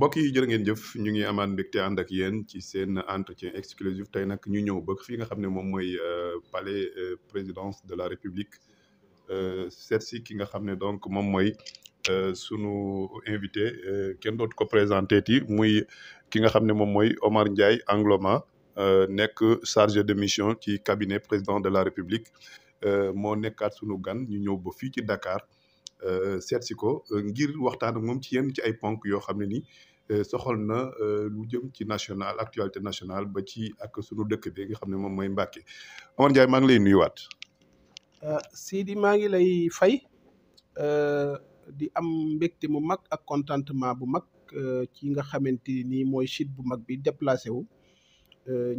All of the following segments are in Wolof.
mbokk yi jërë ngeen jëf ñu ngi amaat mbégte ànd ak yéen ci seen entretien exclusif tey nag ñu ñëw ba fi nga xam ne moom mooy euh, pale euh, présidence de la république euh, seet si ki nga xam ne donc moom mooy sunu invité kenn dootu ko présenté ti muy ki nga xam ne moom mooy Omar Ndiaye Angloma nekk chargé de mission ci cabinet président de la république moo nekkaat sunu gan ñu ñëw ba fii ci Dakar. Euh, seet si ko euh, ngir waxtaan ak moom ci yenn ci ay ponk yoo xam ne ni euh, soxal na lu jëm ci national actualité national ba ci ak sunu dëkk bi nga xam ne moom mooy Mbàkke Omar Ndiaye maa ngi lay nuyuwaat. Sidi maa ngi lay fay di am mbégte mu mag ak contentement bu mag ci nga xamante ni mooy site bu mag bi déplacé wu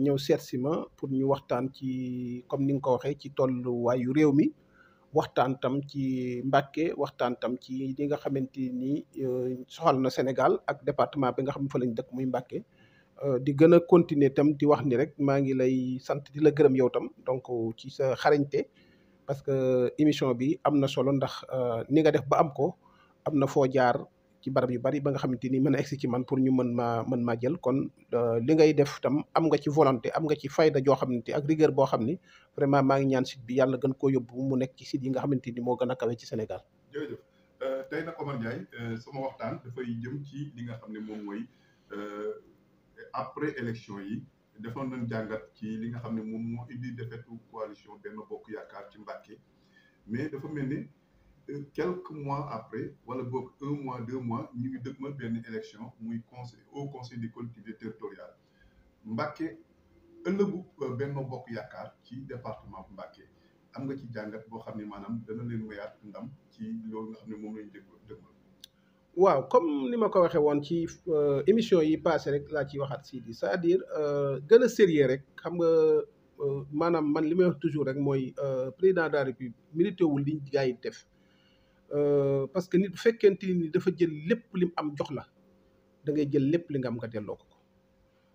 ñëw seet ma pour ñu waxtaan ci comme ni nga ko waxee ci tolluwaayu réew mi. waxtaan tam ci Mbàkke waxtaan tam ci li nga xamante ni euh, soxal na Sénégal ak département bi nga xam ne fa lañ dëkk muy Mbàkke euh, di gën a continuer tam di wax ni rek maa ngi lay sant di la gërëm yow tam donc ci sa xarañte parce que euh, émission bi am na solo ndax ni nga def ba am ko am na foo jaar ci barab yu bari ba nga xamante ni mën a egsi ci man pour ñu mën maa mën maa jël kon euh, li ngay def tam am nga ci volonté am nga ci fayda joo xamante ak rigueur boo xam ni vraiment maa ngi ñaan site bi yàlla gën koo yóbbu mu nekk ci site yi nga xamante ni moo gën a kawe ci Sénégal. jërëjëf euh, tey nag Omar Ndiaye euh, sama waxtaan jëm ci li nga xam ne moom mooy après élection yi defoon nañ jàngat ci li nga xam ne moom moo indi defetu coalition Benno Bokk Yaakaar ci Mbàkke mais dafa mel Euh, quelques mois après wala boog un mois deux mois ñu ngi dëgmal benn élection muy conseil au conseil des collectivités territoriales Mbacké ëllëgu euh, Benno Bokk Yaakaar ci département bu Mbacké am nga ci jàngat boo xam ne maanaam dana leen mayaat ndam ci loolu nga xam ne moom la ñu dëgmal waaw comme ni ma ko waxee woon ci euh, émission yi passé rek laa ciy waxaat sii di c'est-à-dire gën a rek xam nga maanaam man li may wax toujours rek mooy président de la république mérité wul liñ gars yi def Euh, parce que nit bu fekkente ni dafa jël lépp lim am jox la da ngay jël lépp li nga am nga delloo ko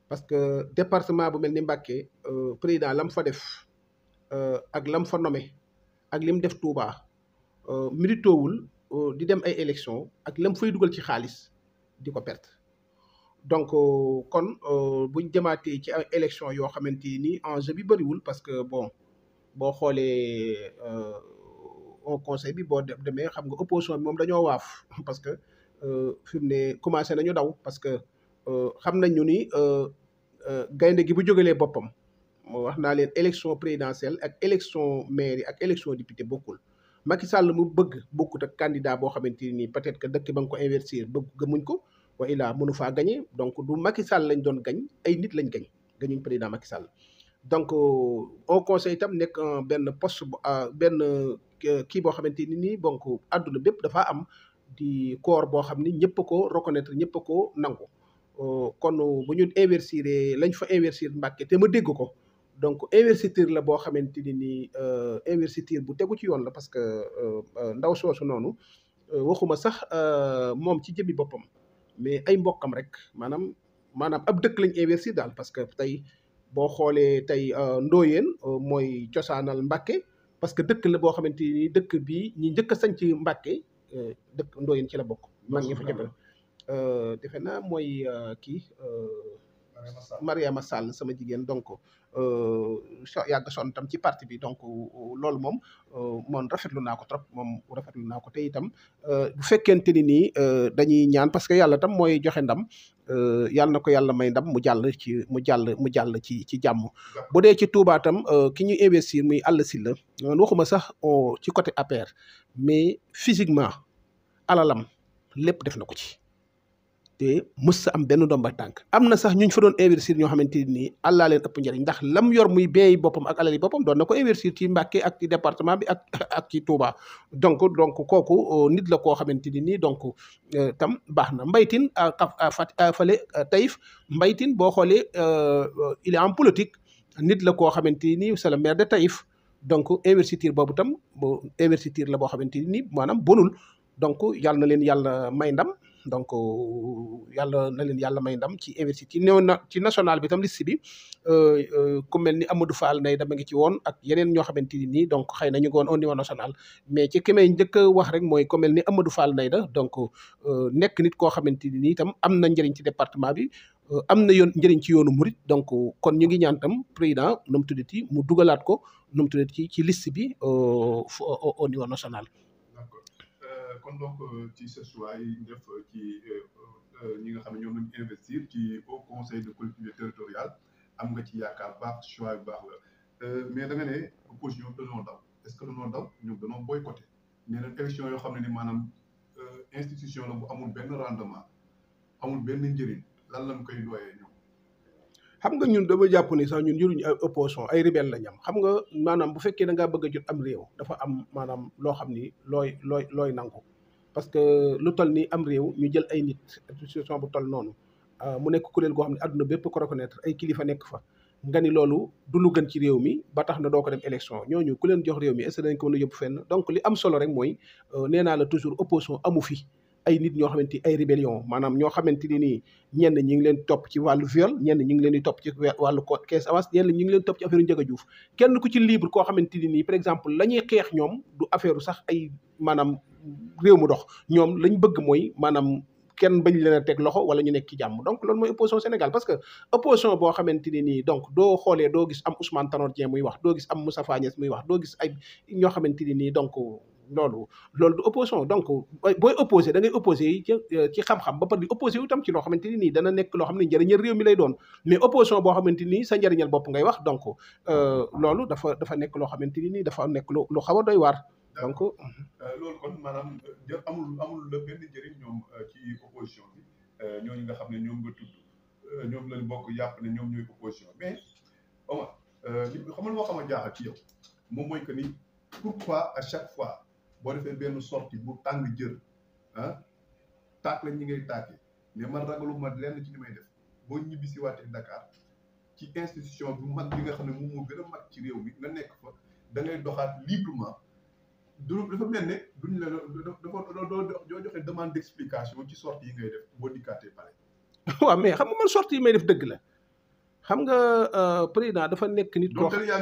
parce que département bu mel ni Mbacké euh, président lam fa def euh, ak lam fa nommé ak lim def Touba méritoowul di dem ay élection ak lam fay dugal ci xaalis di ko perte donc kon buñ jamaatee ci ay élection yoo xamante ni enjeu bi bëriwul parce que bon boo xoolee au conseil bi boo demee xam nga opposition bi moom dañoo waaf parce que euh, fi mu ne commencé nañu daw parce que euh, xam nañu ni euh, gaynde gi bu jógalee boppam wax naa leen élection présidentielle ak élection mairie ak élection député bokkul Macky Sall mu bëgg bokkut ak candidat boo xamante nii peut-être que dëkk ba nga ko investir bëgg gëmuñ ko wa illaa mënu faa gañe donc du Macky Sall lañ doon gañ ay nit lañ gañ gañuñ président Macky Sall donc au conseil itam nekk benn poste benn Euh, kii boo xamante ni nii bonk àdduna bépp dafa am di corps boo xam ni ñëpp ko reconnaître ñëpp a ko nangu euh, kon bu ñu investir lañ fa investir Mbàkke te ma dégg ko donc investiture la boo xamante ni nii euh, investiture bu tegu ci yoon la parce que ndaw soosu noonu waxuma sax moom ci jëmmi boppam mais ay mbokkam rek maanaam maanaam ab dëkk lañ investir daal parce que tey boo xoolee tey Ndoyeen mooy cosaanal Mbàkke parce que dëkk la boo xamante ni dëkk bii ñi njëkk a sanc Mbàkke euh, dëkk Ndoyen ci la bokk mag ñi fa jëbal euh, defe naa mooy euh, kii Mariama Sall sama jigéen donc so yàgg son tam ci parti bi donc loolu moom moom rafetlu naa ko trop moom rafetlu naa ko te itam bu fekkente ni nii dañuy ñaan parce que yàlla tam mooy joxe ndam Euh, yàlla na ko yàlla may ndam mu jàll ci mu jàll mu jàll ci ci jàmm bu dee ci Touba tam euh, ki ñu investir muy Alla Sylla waxuma sax euh, ci côté APR mais physiquement alalam lépp def na ko ci te mës am benn doom ba tànk am na sax ñu ñu fa doon investir ñoo xamante nii àllaa leen ëpp njëriñ ndax lam yor muy beey boppam ak alali boppam doon na ko investir ci Mbàkke ak département bi ak ak ci donc donc kooku euh, nit la koo xamante ni nii donc euh, tam baax na mbaytin fat fale euh, Taïf mbaytin boo xoolee il en politique nit la koo xamante ni c'est le maire de Taïf donc investiture boobu tam investiture la boo xamante ni maanaam bonul donc yàlla na leen yàlla may ndam donc euh, yàlla na leen yàlla may ndam ci université ci néew na ci national bi tam bi euh, euh, ku mel ni Amadou Fall nay dama ngi ci woon ak yeneen ñoo xamante nii donc xëy na ñu ngi woon national mais ci ki njëkk a wax mooy ku ni Amadou Fall nay da donc nekk nit koo xamante ni nii itam am na njëriñ ci département bi am na yoon njëriñ ci yoonu murit donc kon ñu ngi ñaan tam président nu mu tuddati mu dugalaat ko nu mu tuddati ci liste bi au niveau national kon donc euh, ci CESUA yi ñu def euh, ci euh, ñi nga xam ne ñoom lañu investir ci au conseil de collectivité territoriale am nga ci yaakaar baax choix bu baax la mais da nga ne opposition dañoo daw est-ce que dañoo daw ñoom dañoo boycotté nee na élection yoo xam ne ni maanaam institution la bu amul benn rendement amul benn njëriñ lan lañ koy doyee ñoom. xam nga ñun da ba jàpp ni sax ñun jëruñu ay opposition ay rebelle la ñam xam nga maanaam bu fekkee da ngaa bëgg a jot am réew dafa am maanaam loo xam ni looy looy looy nangu parce que lu toll nii am réew ñu jël ay nit institution bu toll noonu euh, mu nekk kuréel goo xam ne àdduna bépp ko ay kilifa nekk fa nga ni loolu du lu gën ci réew mi ba tax na doo ko dem élection ñooñu ku leen jox réew mi est-ce que dañ ko mën a yóbbu fenn donc li am solo rek mooy euh, nee naa la toujours opposition amu fi ay nit ñoo xamante ay rébellion maanaam ñoo xamante ni nii ñenn ñi ngi leen topp ci wàllu viol ñenn ñi ngi leen di topp ci wàllu caisse avance ñenn ñi leen topp ci affaire Ndiaga Diouf kenn ku ci libre koo xamante ni nii par exemple la ñuy xeex ñoom du affaire sax ay maanaam réew mu dox ñoom lañ bëgg mooy maanaam kenn bañ leen a teg loxo wala ñu nekk ci jàmm donc loolu mooy opposition Sénégal parce que opposition boo xamante ni nii donc doo xoolee doo gis am Ousmane Tanor Dieng muy wax doo gis am Moustapha Niasse muy wax doo gis ay ñoo xamante ni nii donc loolu loolu du opposition donc booy opposé da ngay opposé yi ci euh, xam-xam ba pare di opposé yu tam ci loo xamante ni nii dana nekk loo xam ne njëriñal réew mi lay doon mais opposition boo xamante nii sa njëriñal bopp ngay wax donc euh, loolu dafa dafa nekk loo xamante ni nii dafa nekk lu lu xaw a doy waar donc euh, loolu kon maanaam amul amul la benn njëriñ ñoom ci opposition bi ñooñu nga xam ne ñoom nga tudd ñoom bokk yàpp ne ñoom ñooy opposition mais Omar li xamal moo xam a jaaxal ci yow moom mooy que ni pourquoi chaque fois boo defee benn sortie bu tàng jër ah taak la ñi ngay taake mais man ragaluma lenn ci li may def boo ñibbi si waatee Dakar ci institution bu mag bi nga xam ne moom moo gën a mag ci réew mi nga nekk fa da ngay doxaat librement du dafa mel ni ne duñ la dafa doo joxe demande d'explication ci sortie yi ngay def boo dikkaatee pare waaw mais xam nga man sortie yi may def dëgg la xam nga euh, président dafa nekk nit. koo xam yaa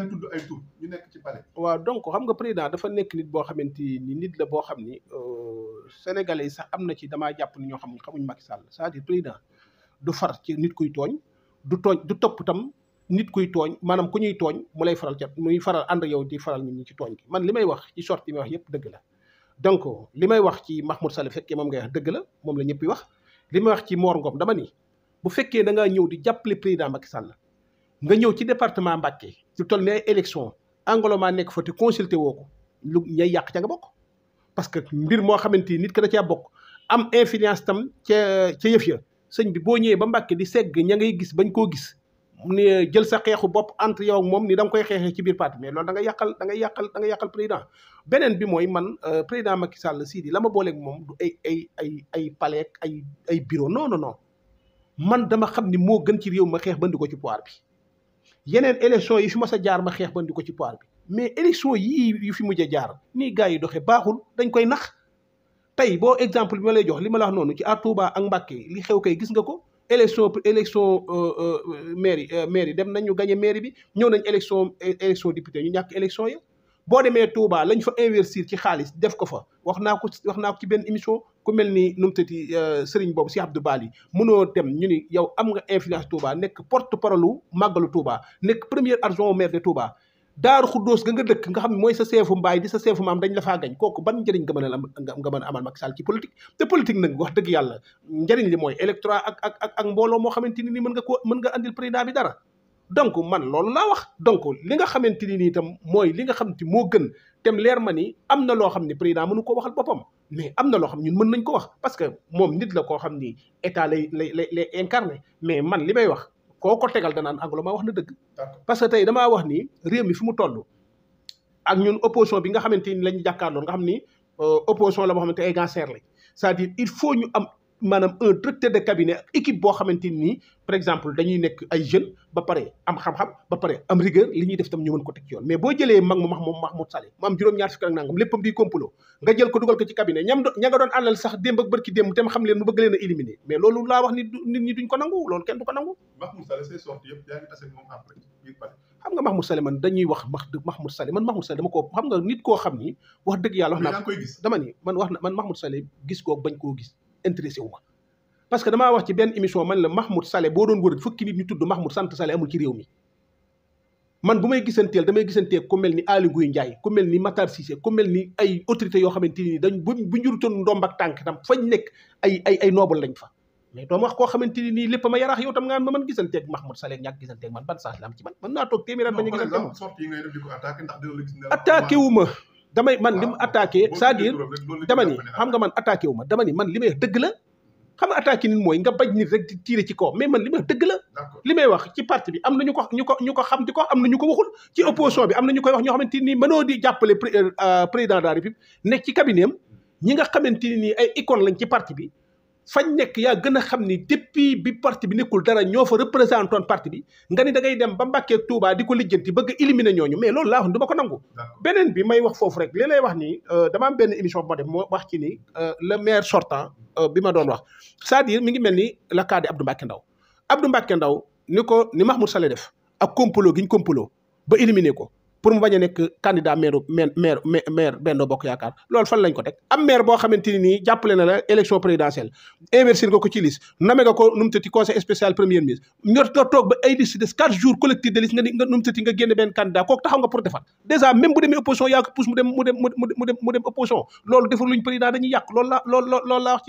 dafa nekk nit boo xamante ni nit la boo xam ni euh, sénégalais yi sax am na ci damaa jàpp ni ñoo xam xamuñ Macky Sall c'est-à-dire du far ci nit kuy tooñ du tooñ du topp tam nit kuy tooñ maanaam ku ñuy tooñ mu lay faral ca muy faral ànd yow di faral nit ñi ci tooñ gi man li may wax ci sorte yi may wax yëpp dëgg la donc li may wax ci Mahmoud Saleh fekkee moom ngay wax dëgg la moom la ñëpp wax li may wax ci Mor dama nii bu fekkee da ngaa ñëw di jàppale président Macky Sall nga ñëw ci département Mbacké lu toll ne ay élection Angloma nekk fa te consulté woo ko lu ñay yàq ca nga bokk parce que mbir moo xamante ni nit ki da caa bokk am influence tam ca ca yëf ya sëñ bi boo ñëwee ba Mbacké di segg ña ngay gis bañ koo gis ni jël sa xeexu bopp entre yow moom ni danga koy xeexee ci biir parti mais loolu da nga yàqal nga yàqal da nga yàqal président beneen bi mooy man euh, président Macky Sall sii di lama ma booleeg moom du ay ay ay ay palais ay ay bureau non non non man dama xam ni moo gën ci réew ma xeex bandi ko ci pouvoir bi yeneen élection yi su ma sa jaar ma xeex bandi ko ci pouvoir bi mais élection yi yu fi mujj jaar nii gars yi doxee baaxul dañ koy nax tey boo exemple bi ma lay jox li ma la wax noonu ci à Touba ak Mbacké li xew kay gis nga ko élection élection euh, euh, mairie euh, mairie dem nañ ñu gagné mairie bi ñëw nañ élection élection député ñu ñàkk élection yi boo demee Touba lañ fa investir ci xaalis def ko fa wax naa ko wax naa ko ci benn émission ku mel ni nu mu tëti euh, sëriñ boobu si Abdou Bali mënoo dem ñu ni yow am nga influence Touba nekk porte parole màggalu Touba nekk premier adjoint au maire de Touba daaru xuddoos ga nga dëkk nga xam mooy sa seefu mbaay di sa seefu maam dañ la faa gañ ban njëriñ mën a nga mën a amal Macky Sall ci politique te politique nag wax dëgg yàlla njëriñ li mooy électorat ak ak ak ak mbooloo moo xamante ni mën nga ko mën nga andil président bi dara donc man loolu laa wax donc li nga xamante ni itam mooy li nga xam te moo gën tem leer ma ni am na loo xam ne président mënu ko waxal boppam mais am na loo xam ñun mën nañ ko wax parce que moom nit la koo xam ni état lay lay lay lay mais man li may wax koo ko tegal danaan Anglô maa wax na dëgg. parce que tey damaa wax ni réew mi fi mu toll. ak ñun opposion bi nga xamante ni lañu jàkkaarloo nga xam ni euh, opposition la boo xamante te gàncax lañ c'est-à-dire il faut ñu am maanaam un directeur de cabinet équipe boo xamante nii par exemple dañuy nekk ay jeunes ba pare am xam-xam ba pare am rigueur li ñuy def tam ñu mën ko teg yoon mais boo jëlee mag mu max moom Mahmoud Saleh mu am juróom-ñaar fukk ak nangam léppam di complot nga jël ko dugal ko ci nit ñi duñ ko nangu loolu kenn du ko nangu Mahmoud Saleh say sorti yëpp yaa ngi tase man dañuy wax ma Mahmoud Saleh man Mahmoud Saleh dama ko xam nga nit koo xam ni wax dëgg yàlla wax naa dama ni man wax na man Mahmoud Saleh gis koo bañ koo gis intéressé wu parce que damaa wax ci benn émission man la Mahmoud Saleh boo doon wër fukki nit ñu tudd Mahmoud sant Saleh amul ci réew mi man bu may gisanteel damay gisantee ku mel ni Aly Ngouille Ndiaye ku mel ni Matar Cissé ku mel xamante ni dañ bu njurutoon ndomb ak tànk tam fañ nekk ay ay ay noobal lañ fa mais koo xamante ni nii lépp ma yaraax yow tam nga ma man gisanteeg Mahmoud Saleh ñàkk gisanteeg man naa toog téeméer at bañ a gisante attaqué damay man li mu ah, attaqué c'est-à-dire xam nga man attaqué wu ma dama man li may wax dëgg la xam nga attaqué nit mooy nga bañ nit rek di tiire ci kaw mais man li may wax dëgg la li may wax ci parti bi am na ñu ko ñu ko ñu ko xam di ko am na ñu ko waxul ci ah, opposition bi am na ñu koy wax ñoo xamante nii mënoo di jàppale euh, président de la république nekk ci cabinet am ñi nga xamante ni ay icône lañ ci parti bi fañ nekk yaa gën a xam ni depuis bi parti bi nekkul dara ñoo fa représenté woon parti bi nga ni da ngay dem ba Mbàkke ak Touba di ko lijjanti bëgg a éliminer ñooñu mais loolu laa wax du ko nangu. beneen bi may wax foofu rek li lay wax nii euh, dama am benn émission bu ma def moo wax ci ni euh, le maire sortant euh, bi ma doon wax c'est-à-dire mi ngi mel ni la cas de Abdou Mbacke Ndaw Abdou Mbacke Ndaw ni ko ni mu Saleh def ak complot gi ñu complot ba éliminer ko. pour mu bañ a nekk candidat maire maire maire Benno Bokk Yaakaar loolu fan lañ ko teg am maire boo xamante ni nii jàppale na la élection présidentielle inversé nga ko ci liste name nga ko nu mu conseil spécial premier ministre nga toog ba ay des quatre jours collectif de liste nga ni nga nga génne benn candidat kooku taxaw nga pour defar déjà même bu demee opposition yaa pousse mu dem mu dem opposition loolu defar président dañuy yàq loolu la wax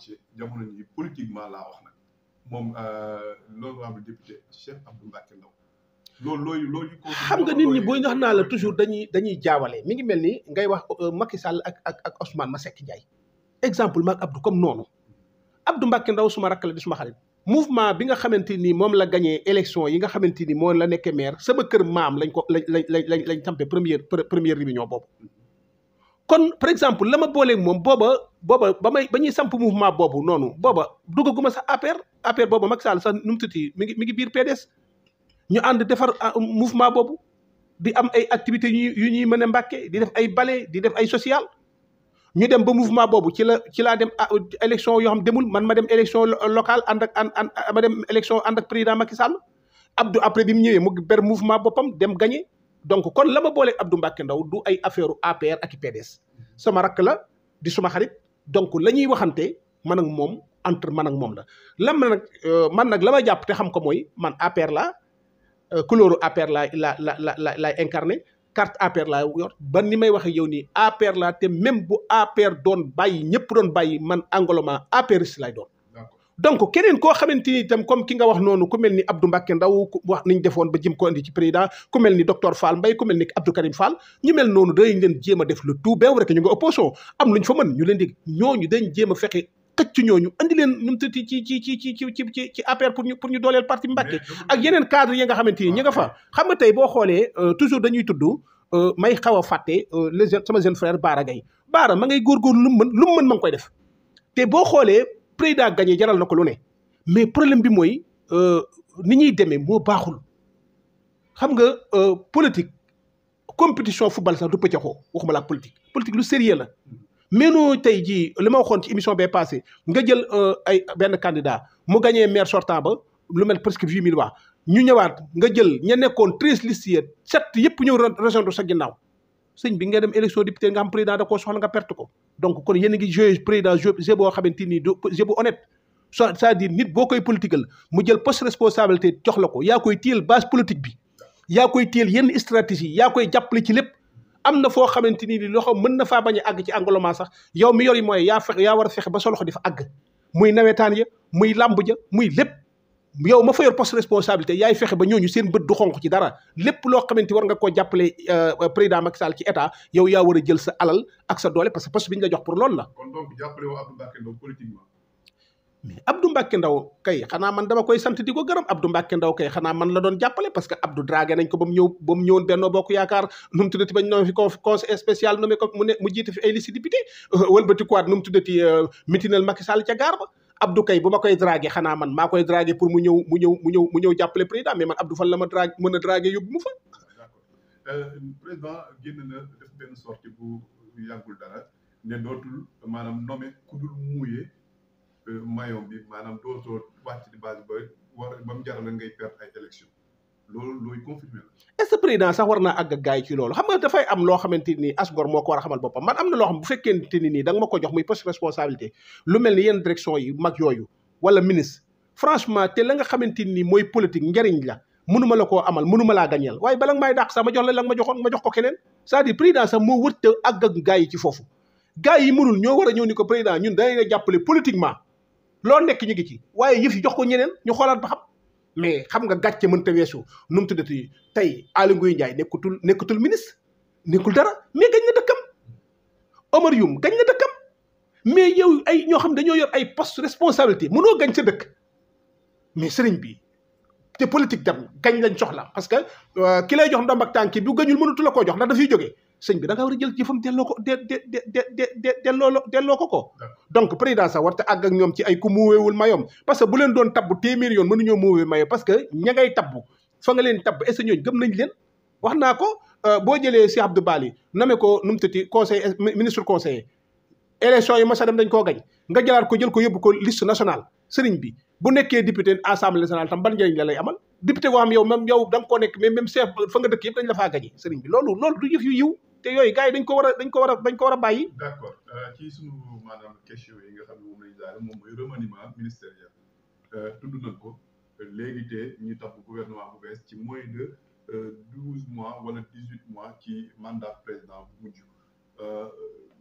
ci moom euh, l'honorable député Cheikh Abdou loolu xam nga nit ñi booy wax naa la toujours dañuy dañuy jaawale mi ngi mel ni ngay wax euh, Macky Sall ak ak ak Ousmane Masseck Ndiaye exemple maag Abdou comme noonu Abdou Mbacké ndaw suma rakk la di suma xarit mouvement bi nga xamante ni moom la gañee élection yi nga xamante ni moo la nekkee maire sama kër maam lañ ko lañ lañ lañ lañ tampé première première réunion boobu kon par exemple la ma booleeg moom booba booba ba may ba ñuy samp mouvement boobu noonu booba duggaguma sax APR APR booba Macky Sall sax nu mi ngi mi ngi biir ñu ànd defar ah, mouvement boobu di am ay activités yu ñuy mën a mbàkke di def ay bale di def ay social ñu dem ba mouvement boobu ci la ci laa dem ah, élection yoo xam demul man ma dem élection locale ànd ak ànd ma dem élection ànd ak président Macky bi mu ñëwee mu ber mouvement boppam dem gagné donc kon la ma booleeg Abdou Mbacke Ndaw du ay affaire APR ak i PDS sama rakk la di suma xarit donc la ñuy waxante man moom entre man ak moom la. lam nag euh, man nag la ma jàpp te xam ko mooy man APR la euh, couleur APR la la la la la laay incarné carte APR laa yor ba ni may waxee yow nii APR la te même bu APR doon bàyyi ñëpp doon bàyyi man Angloma APR lay doon. donc keneen koo xamante ni itam comme ki nga wax noonu ku mel ni Abdou Mbacke Ndaw wax niñ defoon ba jëm ko indi ci président ku mel ni docteur Fall Mbaye ku mel ni Abdou Karim Fall ñu mel noonu dañ leen jéem a def le tout bien vrai que ñu nga opposition am luñ fa mën ñu leen di ñooñu dañ jéem a fexe xëcc ci ñooñu andi leen nu ci ci ci ci ci ci ci APR pour ñu pour ñu dooleel parti Mbacke ak yeneen cadre yi nga xamante ni ñi nga fa ah, ah. xam nga tey boo xoolee euh, toujours dañuy tudd euh, may xaw a fàtte euh, les jeunes sama jeune frère Baara Gaye ngay góorgóorlu lu lu mu mën ma koy def te boo xoolee président gagné jaral na ko lu ne mais problème bi mooy euh, ni ñuy demee moo baaxul xam nga euh, politique compétition football sax du pëccaxoo waxuma la ak politique politique lu sérieux la mais tey jii li ma waxoon ci émission bee passé nga jël euh, benn candidat mu gagné maire sortable ba lu mel presque huit mille waa ñu ñëwaat nga jël ña nekkoon tris listes ya sept yëpp ñëw région de sax ginnaaw sëñ bi nga dem élection député nga am président da koo soxla nga perte ko donc kon yéen a ngi joué président jeu boo xamante ni du jeu bu honnête c'est-à-dire nit boo koy politique la mu jël poste responsabilité jox la ko yaa koy téyel base politique bi yaa koy téyel yenn stratégie yaa koy jàppale ci lépp am na foo xamante ni loxo mën na faa bañ a àgg ci engouement sax yow mi yor yi mooy yaa yaa war a fexe ba sa loxo di fa àgg muy nawetaan ya muy làmb ja muy lépp yow ma fa yor poste responsabilité yaay fexe ba ñooñu seen bët du xonq ci dara lépp loo xamante war nga koo jàppale euh, président Macky Sall ci état yow yaa war a jël sa alal ak sa doole parce que poste bi ñu la jox pour loolu la. Ndaw mais Abdou Mbacke Ndaw kay xanaa man dama koy santi di ko gërëm Abdou Mbacke Ndaw kay xanaa man la doon jàppale parce que Abdou dragué nañ ko ba mu ñëw ba mu ñëwoon Benno Bokk Yaakaar nu mu tuddati ba ñu nommé fi conseil spécial nommé ko mu ne mu jiite fi ay euh, euh, gaar ba Abdou kay bu ma koy dragué xanaa man maa koy dragué pour mu ñëw mu ñëw mu ñëw mu ñëw jàppale président mais man Abdou fan la ma dragué mën a dragué yóbbu mu fa. d'accord euh, président génn na def benn sortie bu yàggul dara ne dootul maanaam nommé ku dul muuye euh, maillot bi maanaam dootoo wàcc di base ba war ba mu jaral ngay perte ay élections. loolu looy confirmer la. est-ce sax war naa àgg gaay ci loolu xam nga dafay am loo xamante ni asgor moo ko war a xamal boppam man am na loo xam bu fekkente ni nii da nga ma ko jox muy poste responsabilité lu mel ni yenn direction yi mag yooyu wala ministre franchement te la nga xamante ni mooy politique njariñ la mënuma la koo amal mënuma laa gañeel waaye bala nga maay dàq sax ma jox la la nga ma joxoon ma jox ko keneen c'est-à-dire président sax moo wër te àgg gaay yi ci foofu gaay yi mënul ñoo war a ñëw ni ko président ñun danañ la jàppale politiquement loo nekk ñu ngi ci waaye yëf yi jox ko ñeneen ñu xoolaat ba xam mais xam nga gàcce mënta weesu nu mu tuddati tey Aly Ngouille Ndiaye nekkutul nekkutul ministre nekkul dara mais gañ na dëkkam Omar Youm gañ na dëkkam mais yow ay ñoo xam dañoo yor ay poste responsabilité mënoo gañ sa dëkk mais sëriñ bi te politique dem gañ lañ soxla parce que euh, ki lay jox ndombak tànk bi bu gañul mënatu la koo jox ndax dafay jóge sëñ bi da nga war a jël jëfam delloo ko de de de de delloo delloo ko ko. donc président sax warta ak ñoom ci ay ku muuweewul mayoom parce que bu leen doon tabbu téeméer yoon mënuñoo muuwee mayo parce que ña ngay tabbu fa nga leen tabbu est naa ko euh, boo jëlee si Abdou Bali name ko nu mu tëddee conseil ministre conseiller élection yi mos a dem dañ koo ko jël ko yóbbu ko liste nationale sëriñ bi bu nekkee député assemblée nationale tam ban njëriñ la lay amal. député boo xam yow même yow nga koo nekk mais même chef fa nga dëkk yëpp dañ la faa sëriñ bi loolu loolu du yëf yu yiw te yooyu gars yi dañ ko war dañ ko war a dañ war a bàyyi. d' accord euh, ci sunu maanaam question yi nga xam ne moom la ñu daal moom mooy remaniement ministériel euh, tudd nañ ko léegi te ñi tabb gouvernement bu bees ci moins de euh, douze mois wala dix huit mois ci mandat président bu mujj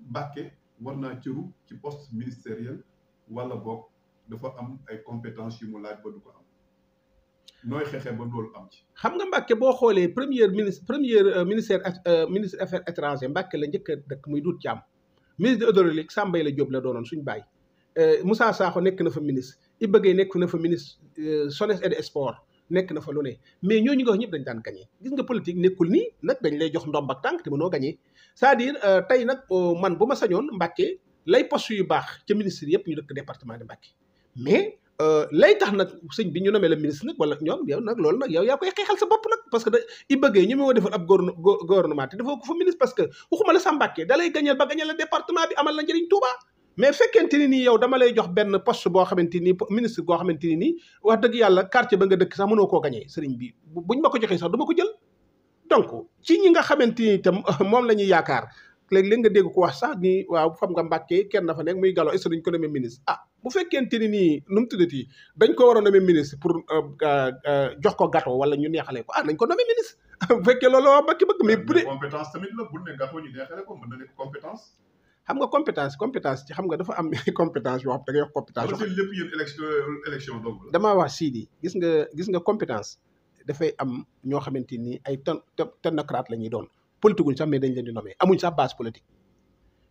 Mbàkke war naa cëru ci poste ministériel wala boog dafa am ay compétences yu mu laaj ba ko am. nooy xeexee ba loolu am ci. xam nga Mbacke boo xoolee premier ministre première euh, ministère euh, ministre affaires étrangères Mbacke la njëkk a dëkk muy Doudou Thiam ministre de hydraulique Samba la Diop la doonoon suñu baay euh, Moussa Sakho nekk na fa ministre Iba Guèye nekk na fa ministre SONES et sport nekk na fa lu ne mais ñooñu nga wax ñëpp dañ daan gagné gis nga politique nekkul nii nag dañ lay jox ndomb ak tànk te mënoo gagné c'est-à-dire tey nag man bu ma sañoon Mbacke lay poste yu baax ca ministre yëpp ñu dëkk département de Mbacke mais. Euh, lay tax nag sëñ bi ñu namee la ministre nag wala ñoom yow nag loolu nag yow yaa koy xeexal sa bopp nag parce que da i bëggee ñu mu woo defal ab gouvernement te defoo ko fa ministre parce que waxuma ni nii yow dama lay ni ministre boo xamante ni nii wax dëgg yàlla quartier ba nga dëkk sax mënoo koo gañee sëriñ bi buñ ma ko joxee sax du ko jël donc ci ñi nga xamante ni itam moom la ñuy yaakaar léeg-léeg nga dégg ko wax sax ni waaw xam nga Mbàkke kenn na fa nekk muy Gallo est-ce que duñ ko ministre ah, bu fekkente ni nii nu mu tuddati dañ ko war a nommer ministre pour euh, euh, euh, jox ko gâteau wala ñu neexalee ko ah nañ ko nommer ministre bu fekkee loolu waa bakki bëgg mais bu dee compétence tamit la ko mën xam nga compétence compétence ci xam nga dafa am compétence yoo xam da ngay wax compétence lépp yéen élection élection donc la damaa wax sii di gis nga gis nga compétence dafay am ñoo xamante ni ay ten technocrate la ñuy doon politique wuñ sax mais dañ leen di nommé amuñ sax base politique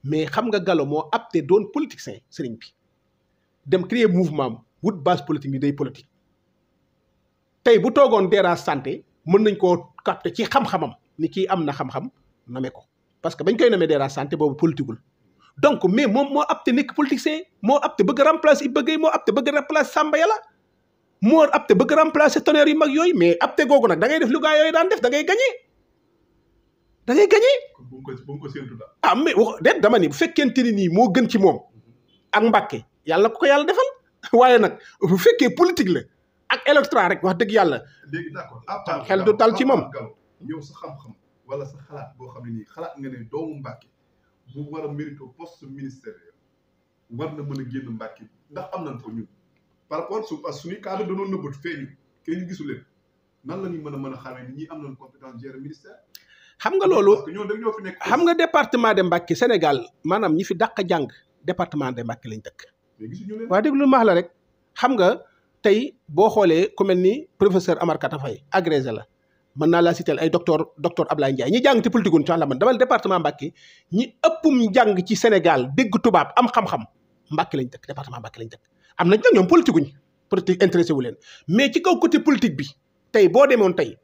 mais xam nga Gallo moo apte doon politicien sëriñ bi dem créer mouvement am wut base politique bi day politique tey bu toogoon DRA santé mën nañ koo capter ci xam-xamam ni kii am na xam-xam name ko parce que bañ koy namee DRA santé boobu politiqueul donc mais moom moo apte nekk politicien moo apte bëgg remplacer i bëggay moo apte bëgg remplacer Samba Yàlla moo apte bëgg remplacer tonnerre yu mag yooyu mais apte googu nag dangay def lu gaa yooyu daan def da ngay gañee da ngay gañee bu ko bu ko séntu ah mais de déet dama ni bu fekkente ni nii moo gën ci moom ak Mbàkke yàlla ku ko yàlla defal waaye nag bu fekkee politique la ak électoral rek wax dëgg yàlla. léegi à ah, part xel du dal ci moom. yow sa xam wala xalaat boo xam ne xalaat nga ne doomu bu war a mérito poste ministériel war na mën a génn Mbàkke ndax am nañ ko ñun par rapport su parce que suñuy cadre dañoo nëbbatu feeñu kenn ñu gisul leen nan mën a mën a xamee ni ñi am nañ compétence gérer ministère. xam nga loolu xam nga département de Mbàkke Sénégal maanaam ñi fi dàq jàng département de Mbàkke lañ dëkk. waaw déglu maax la rek xam nga tey boo xoolee ku mel ni professeur Amar Kata Faye agrégé la mën naa laa citer ay docteur docteur Ablaye Ndiaye ñi jàng ci politique sax la man dama département Mbacké ñi ëppum njàng ci Sénégal dégg tubaab am xam-xam Mbacké lañ dëkk département Mbacké lañ dëkk am nañ nag ñoom politique uñ politique intéressé wu leen mais ci kaw côté politique bi tey boo demoon tey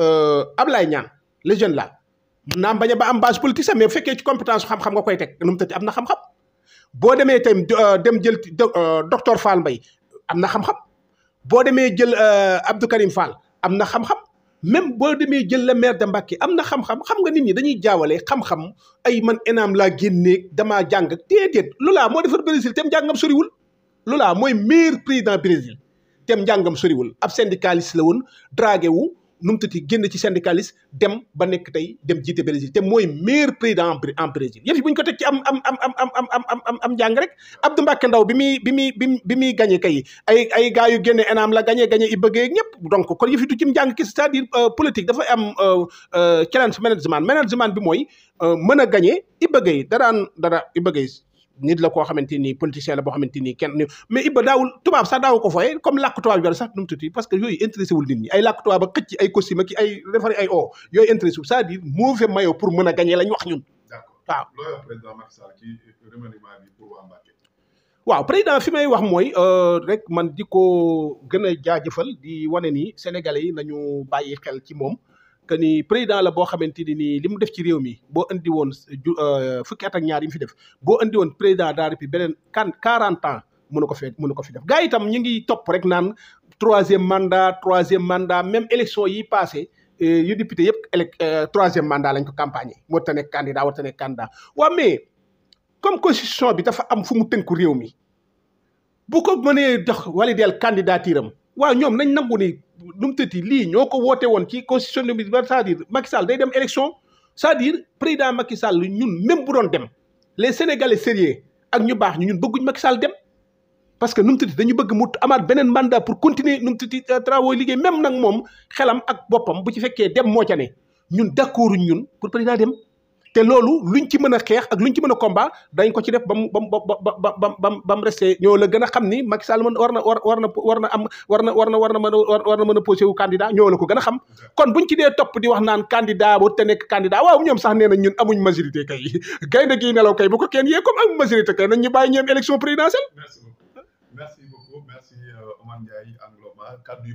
euh, Ablaye Niane le jeune là mën naa bañ a ba am base politique sax mais fekkee ci compétence xam-xam nga koy teg nu mu tëdd am na xam-xam boo demee tam euh, dem jël euh, doctor Fall mbay am na xam-xam boo demee jël euh, Abdou Karim Fall am na xam-xam même boo demee jël la maire de Mbacké am na xam-xam xam nga nit ñi dañuy jaawale xam-xam ay man énaam laa génnee damaa jàng déedéet Lula moo defar Brésil tem njàngam soriwul Lula mooy meilleur président Brésil tem njàngam soriwul ab syndicaliste la woon dragué wu nu mu tuddati génn ci syndicaliste dem ba nekk tey dem jiite Brésil te mooy meilleur de en Brésil yëf yi bu ñu ko teg ci am am am am am am am am am njàng rek Abdou Mbacké Ndao bi muy bi muy bi muy gagné kay ay ay gars yu génne enaam la gagné gagné i bëggee ñëpp donc kon yëf yi du ci njàng ki c'est-à-dire euh, politique dafa am euh, euh, challenge management management bi mooy mën a gagné i bëggee daraan dara i bëggee nit la koo xamante ni politicien la bo xamante ni kenn mais Iba daawul tubaab sax daawu ko fooye comme làkk tubaab yi sax nu mu tuuti parce que yooyu intéressé wul nit ñi ay làkk tubaab ak xëcc ay costume ak ay defaree ay o yooyu intéressé wul c'est-à-dire mauvais pour mën a gagner lañ wax ñun. waaw président fi may wax mooy euh, rek man di ko gën a jaajëfal di wane ni sénégalais yi nañu bàyyi xel ci moom. que président la boo xamante ni nii li mu def ci réew mi boo indi woon euh, ju euh, fukki at ñaar yi fi def boo indi woon président daal depuis beneen kan quarante ans mënu ko fee mënu ko fi def gars yi itam ñu ngi topp rek naan troisième manda troisième manda même élection yi passé euh, yu député yëpp élec troisième mandat lañ ko campagne war ta nekk candidat war ta nekk candidat waaw mais comme constitution bi dafa am fu mu tënku réew mi bu ko mënee jox wala del candidature waaw ñoom nañ nangu ni nu mu ti lii ñoo ko woote woon ci constitution bi c'est-à-dire Macky day dem élection c'est-à-dire président Macky Sall ñun même bu doon dem les sénégalais sérieux ak ñu baax ñu ñun bëgguñ Macky Sall dem. parce que nu mu tëddi dañu bëgg mut amaat beneen mandat pour continuer nu mu tëddi euh, travaux liggéey même nag moom xelam ak boppam bu ci fekkee dem moo ca ne ñun d'accorduñ ñun pour président dem. te loolu luñ ci mën a xeex ak lu ci mën a combat dañ ko ci def ba mu ba mu ba ba ba ba mu resté ñoo la gën a xam ni Macky Sall mën war na war na war na am war na war na war na mën a war na mën a posé wu candidat ñoo la ko gën a xam. kon buñ ci dee topp di wax naan candidat bu te nekk candidat waaw ñoom sax nee nañ ñun amuñ majorité kay gaynde gi nelaw kay bu ko kenn yee comme amuñ majorité kay nañ ñu bàyyi ñoom élection présidentielle. merci beaucoup merci beaucoup merci euh, Oumar Ndiaye Angloma kàddu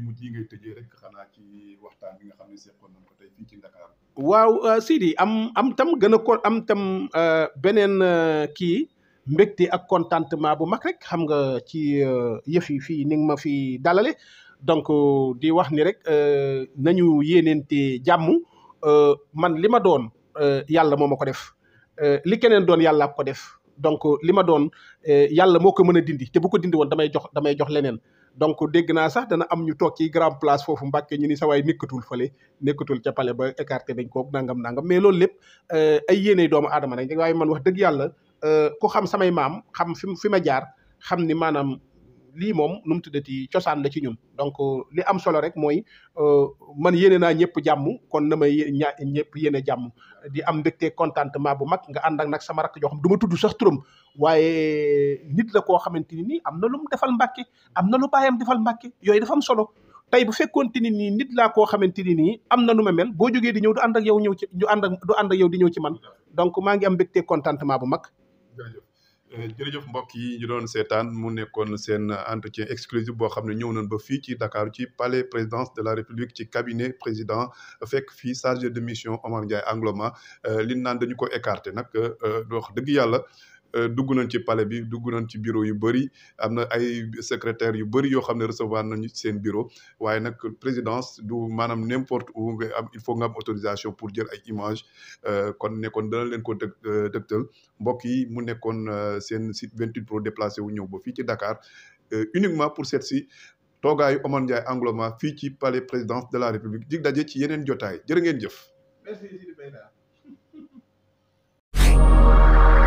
rek xanaa ci waxtaan bi nga xam ne seqoon nañ ko tey fii waaw euh, Sidi am am tam gën a ko am tam euh, beneen euh, kii mbégte ak contentement bu mag rek xam nga ci yëf yi fii ni ma fi dalale donc di wax ni rek nañu yéeneente jàmm man li ma doon yàlla moo ma ko def li keneen doon yàlla ko def donc li ma doon yàlla moo ko mën a dindi te bu ko dindi woon damay jox damay jox leneen donc dégg naa sax dana am ñu toog ci grand place foofu Mbàkke ñu ni sa waay nekkatul fële nekkatul ca pale ba écarté dañ ko nangam nangam mais loolu lépp euh, ay yéene doomu aadama rek waaye man wax dëgg yàlla euh, ku xam samay maam xam fi fi ma jaar xam ni maanaam lii moom nu mu ti cosaan la ci ñun donc li am solo rek mooy euh, man yéene naa ñëpp jàmm kon na may ña ñëpp yéene jàmm di am mbégte contentement bu mag nga ànd ak nag sama rakk joo xam du ma tudd sax turum waaye nit la koo xamante ni nii am na lu mu defal mbàkke am na lu baayam defal mbàkke yooyu dafa solo tey bu fekkoonte ni nii nit laa koo xamante ni nii am na nu ma mel boo jógee di ñëw du ànd ak yow ñëw ci du ànd du ànd ak yow di ñëw ci man donc maa ngi am mbégte contentement bu mag Euh, jërëjëf mbokk yi ñu doon seetaan mu nekkoon seen entretien exclusif boo xam ne ñëw nañ ba fii ci Dakar ci pale présidence de la République ci cabinet président fekk fii chargé de mission Omar Ndiaye Angloma euh, li naan dañu ko écarté nag doox euh, dëgg yàlla. Euh, dugg nañ ci pale bi dugg nañ ci bureau yu bëri am na ay secrétaire yu bëri yoo xam ne recevoir nañu seen bureau waaye nag présidence du maanaam n'importe am il faut nga am autorisation pour jël ay image euh, kon nekkoon dana leen ko dë euh, dëgtal mbokk yi mu nekkoon seen site 28 pro déplacé wu ñëw ba fii ci dakaar uniquement pour seet si toogaayu Omar Ndiaye Angloma Loma fii ci pale président de la République dig dajee ci yeneen jotaay jërë ngeen jëf.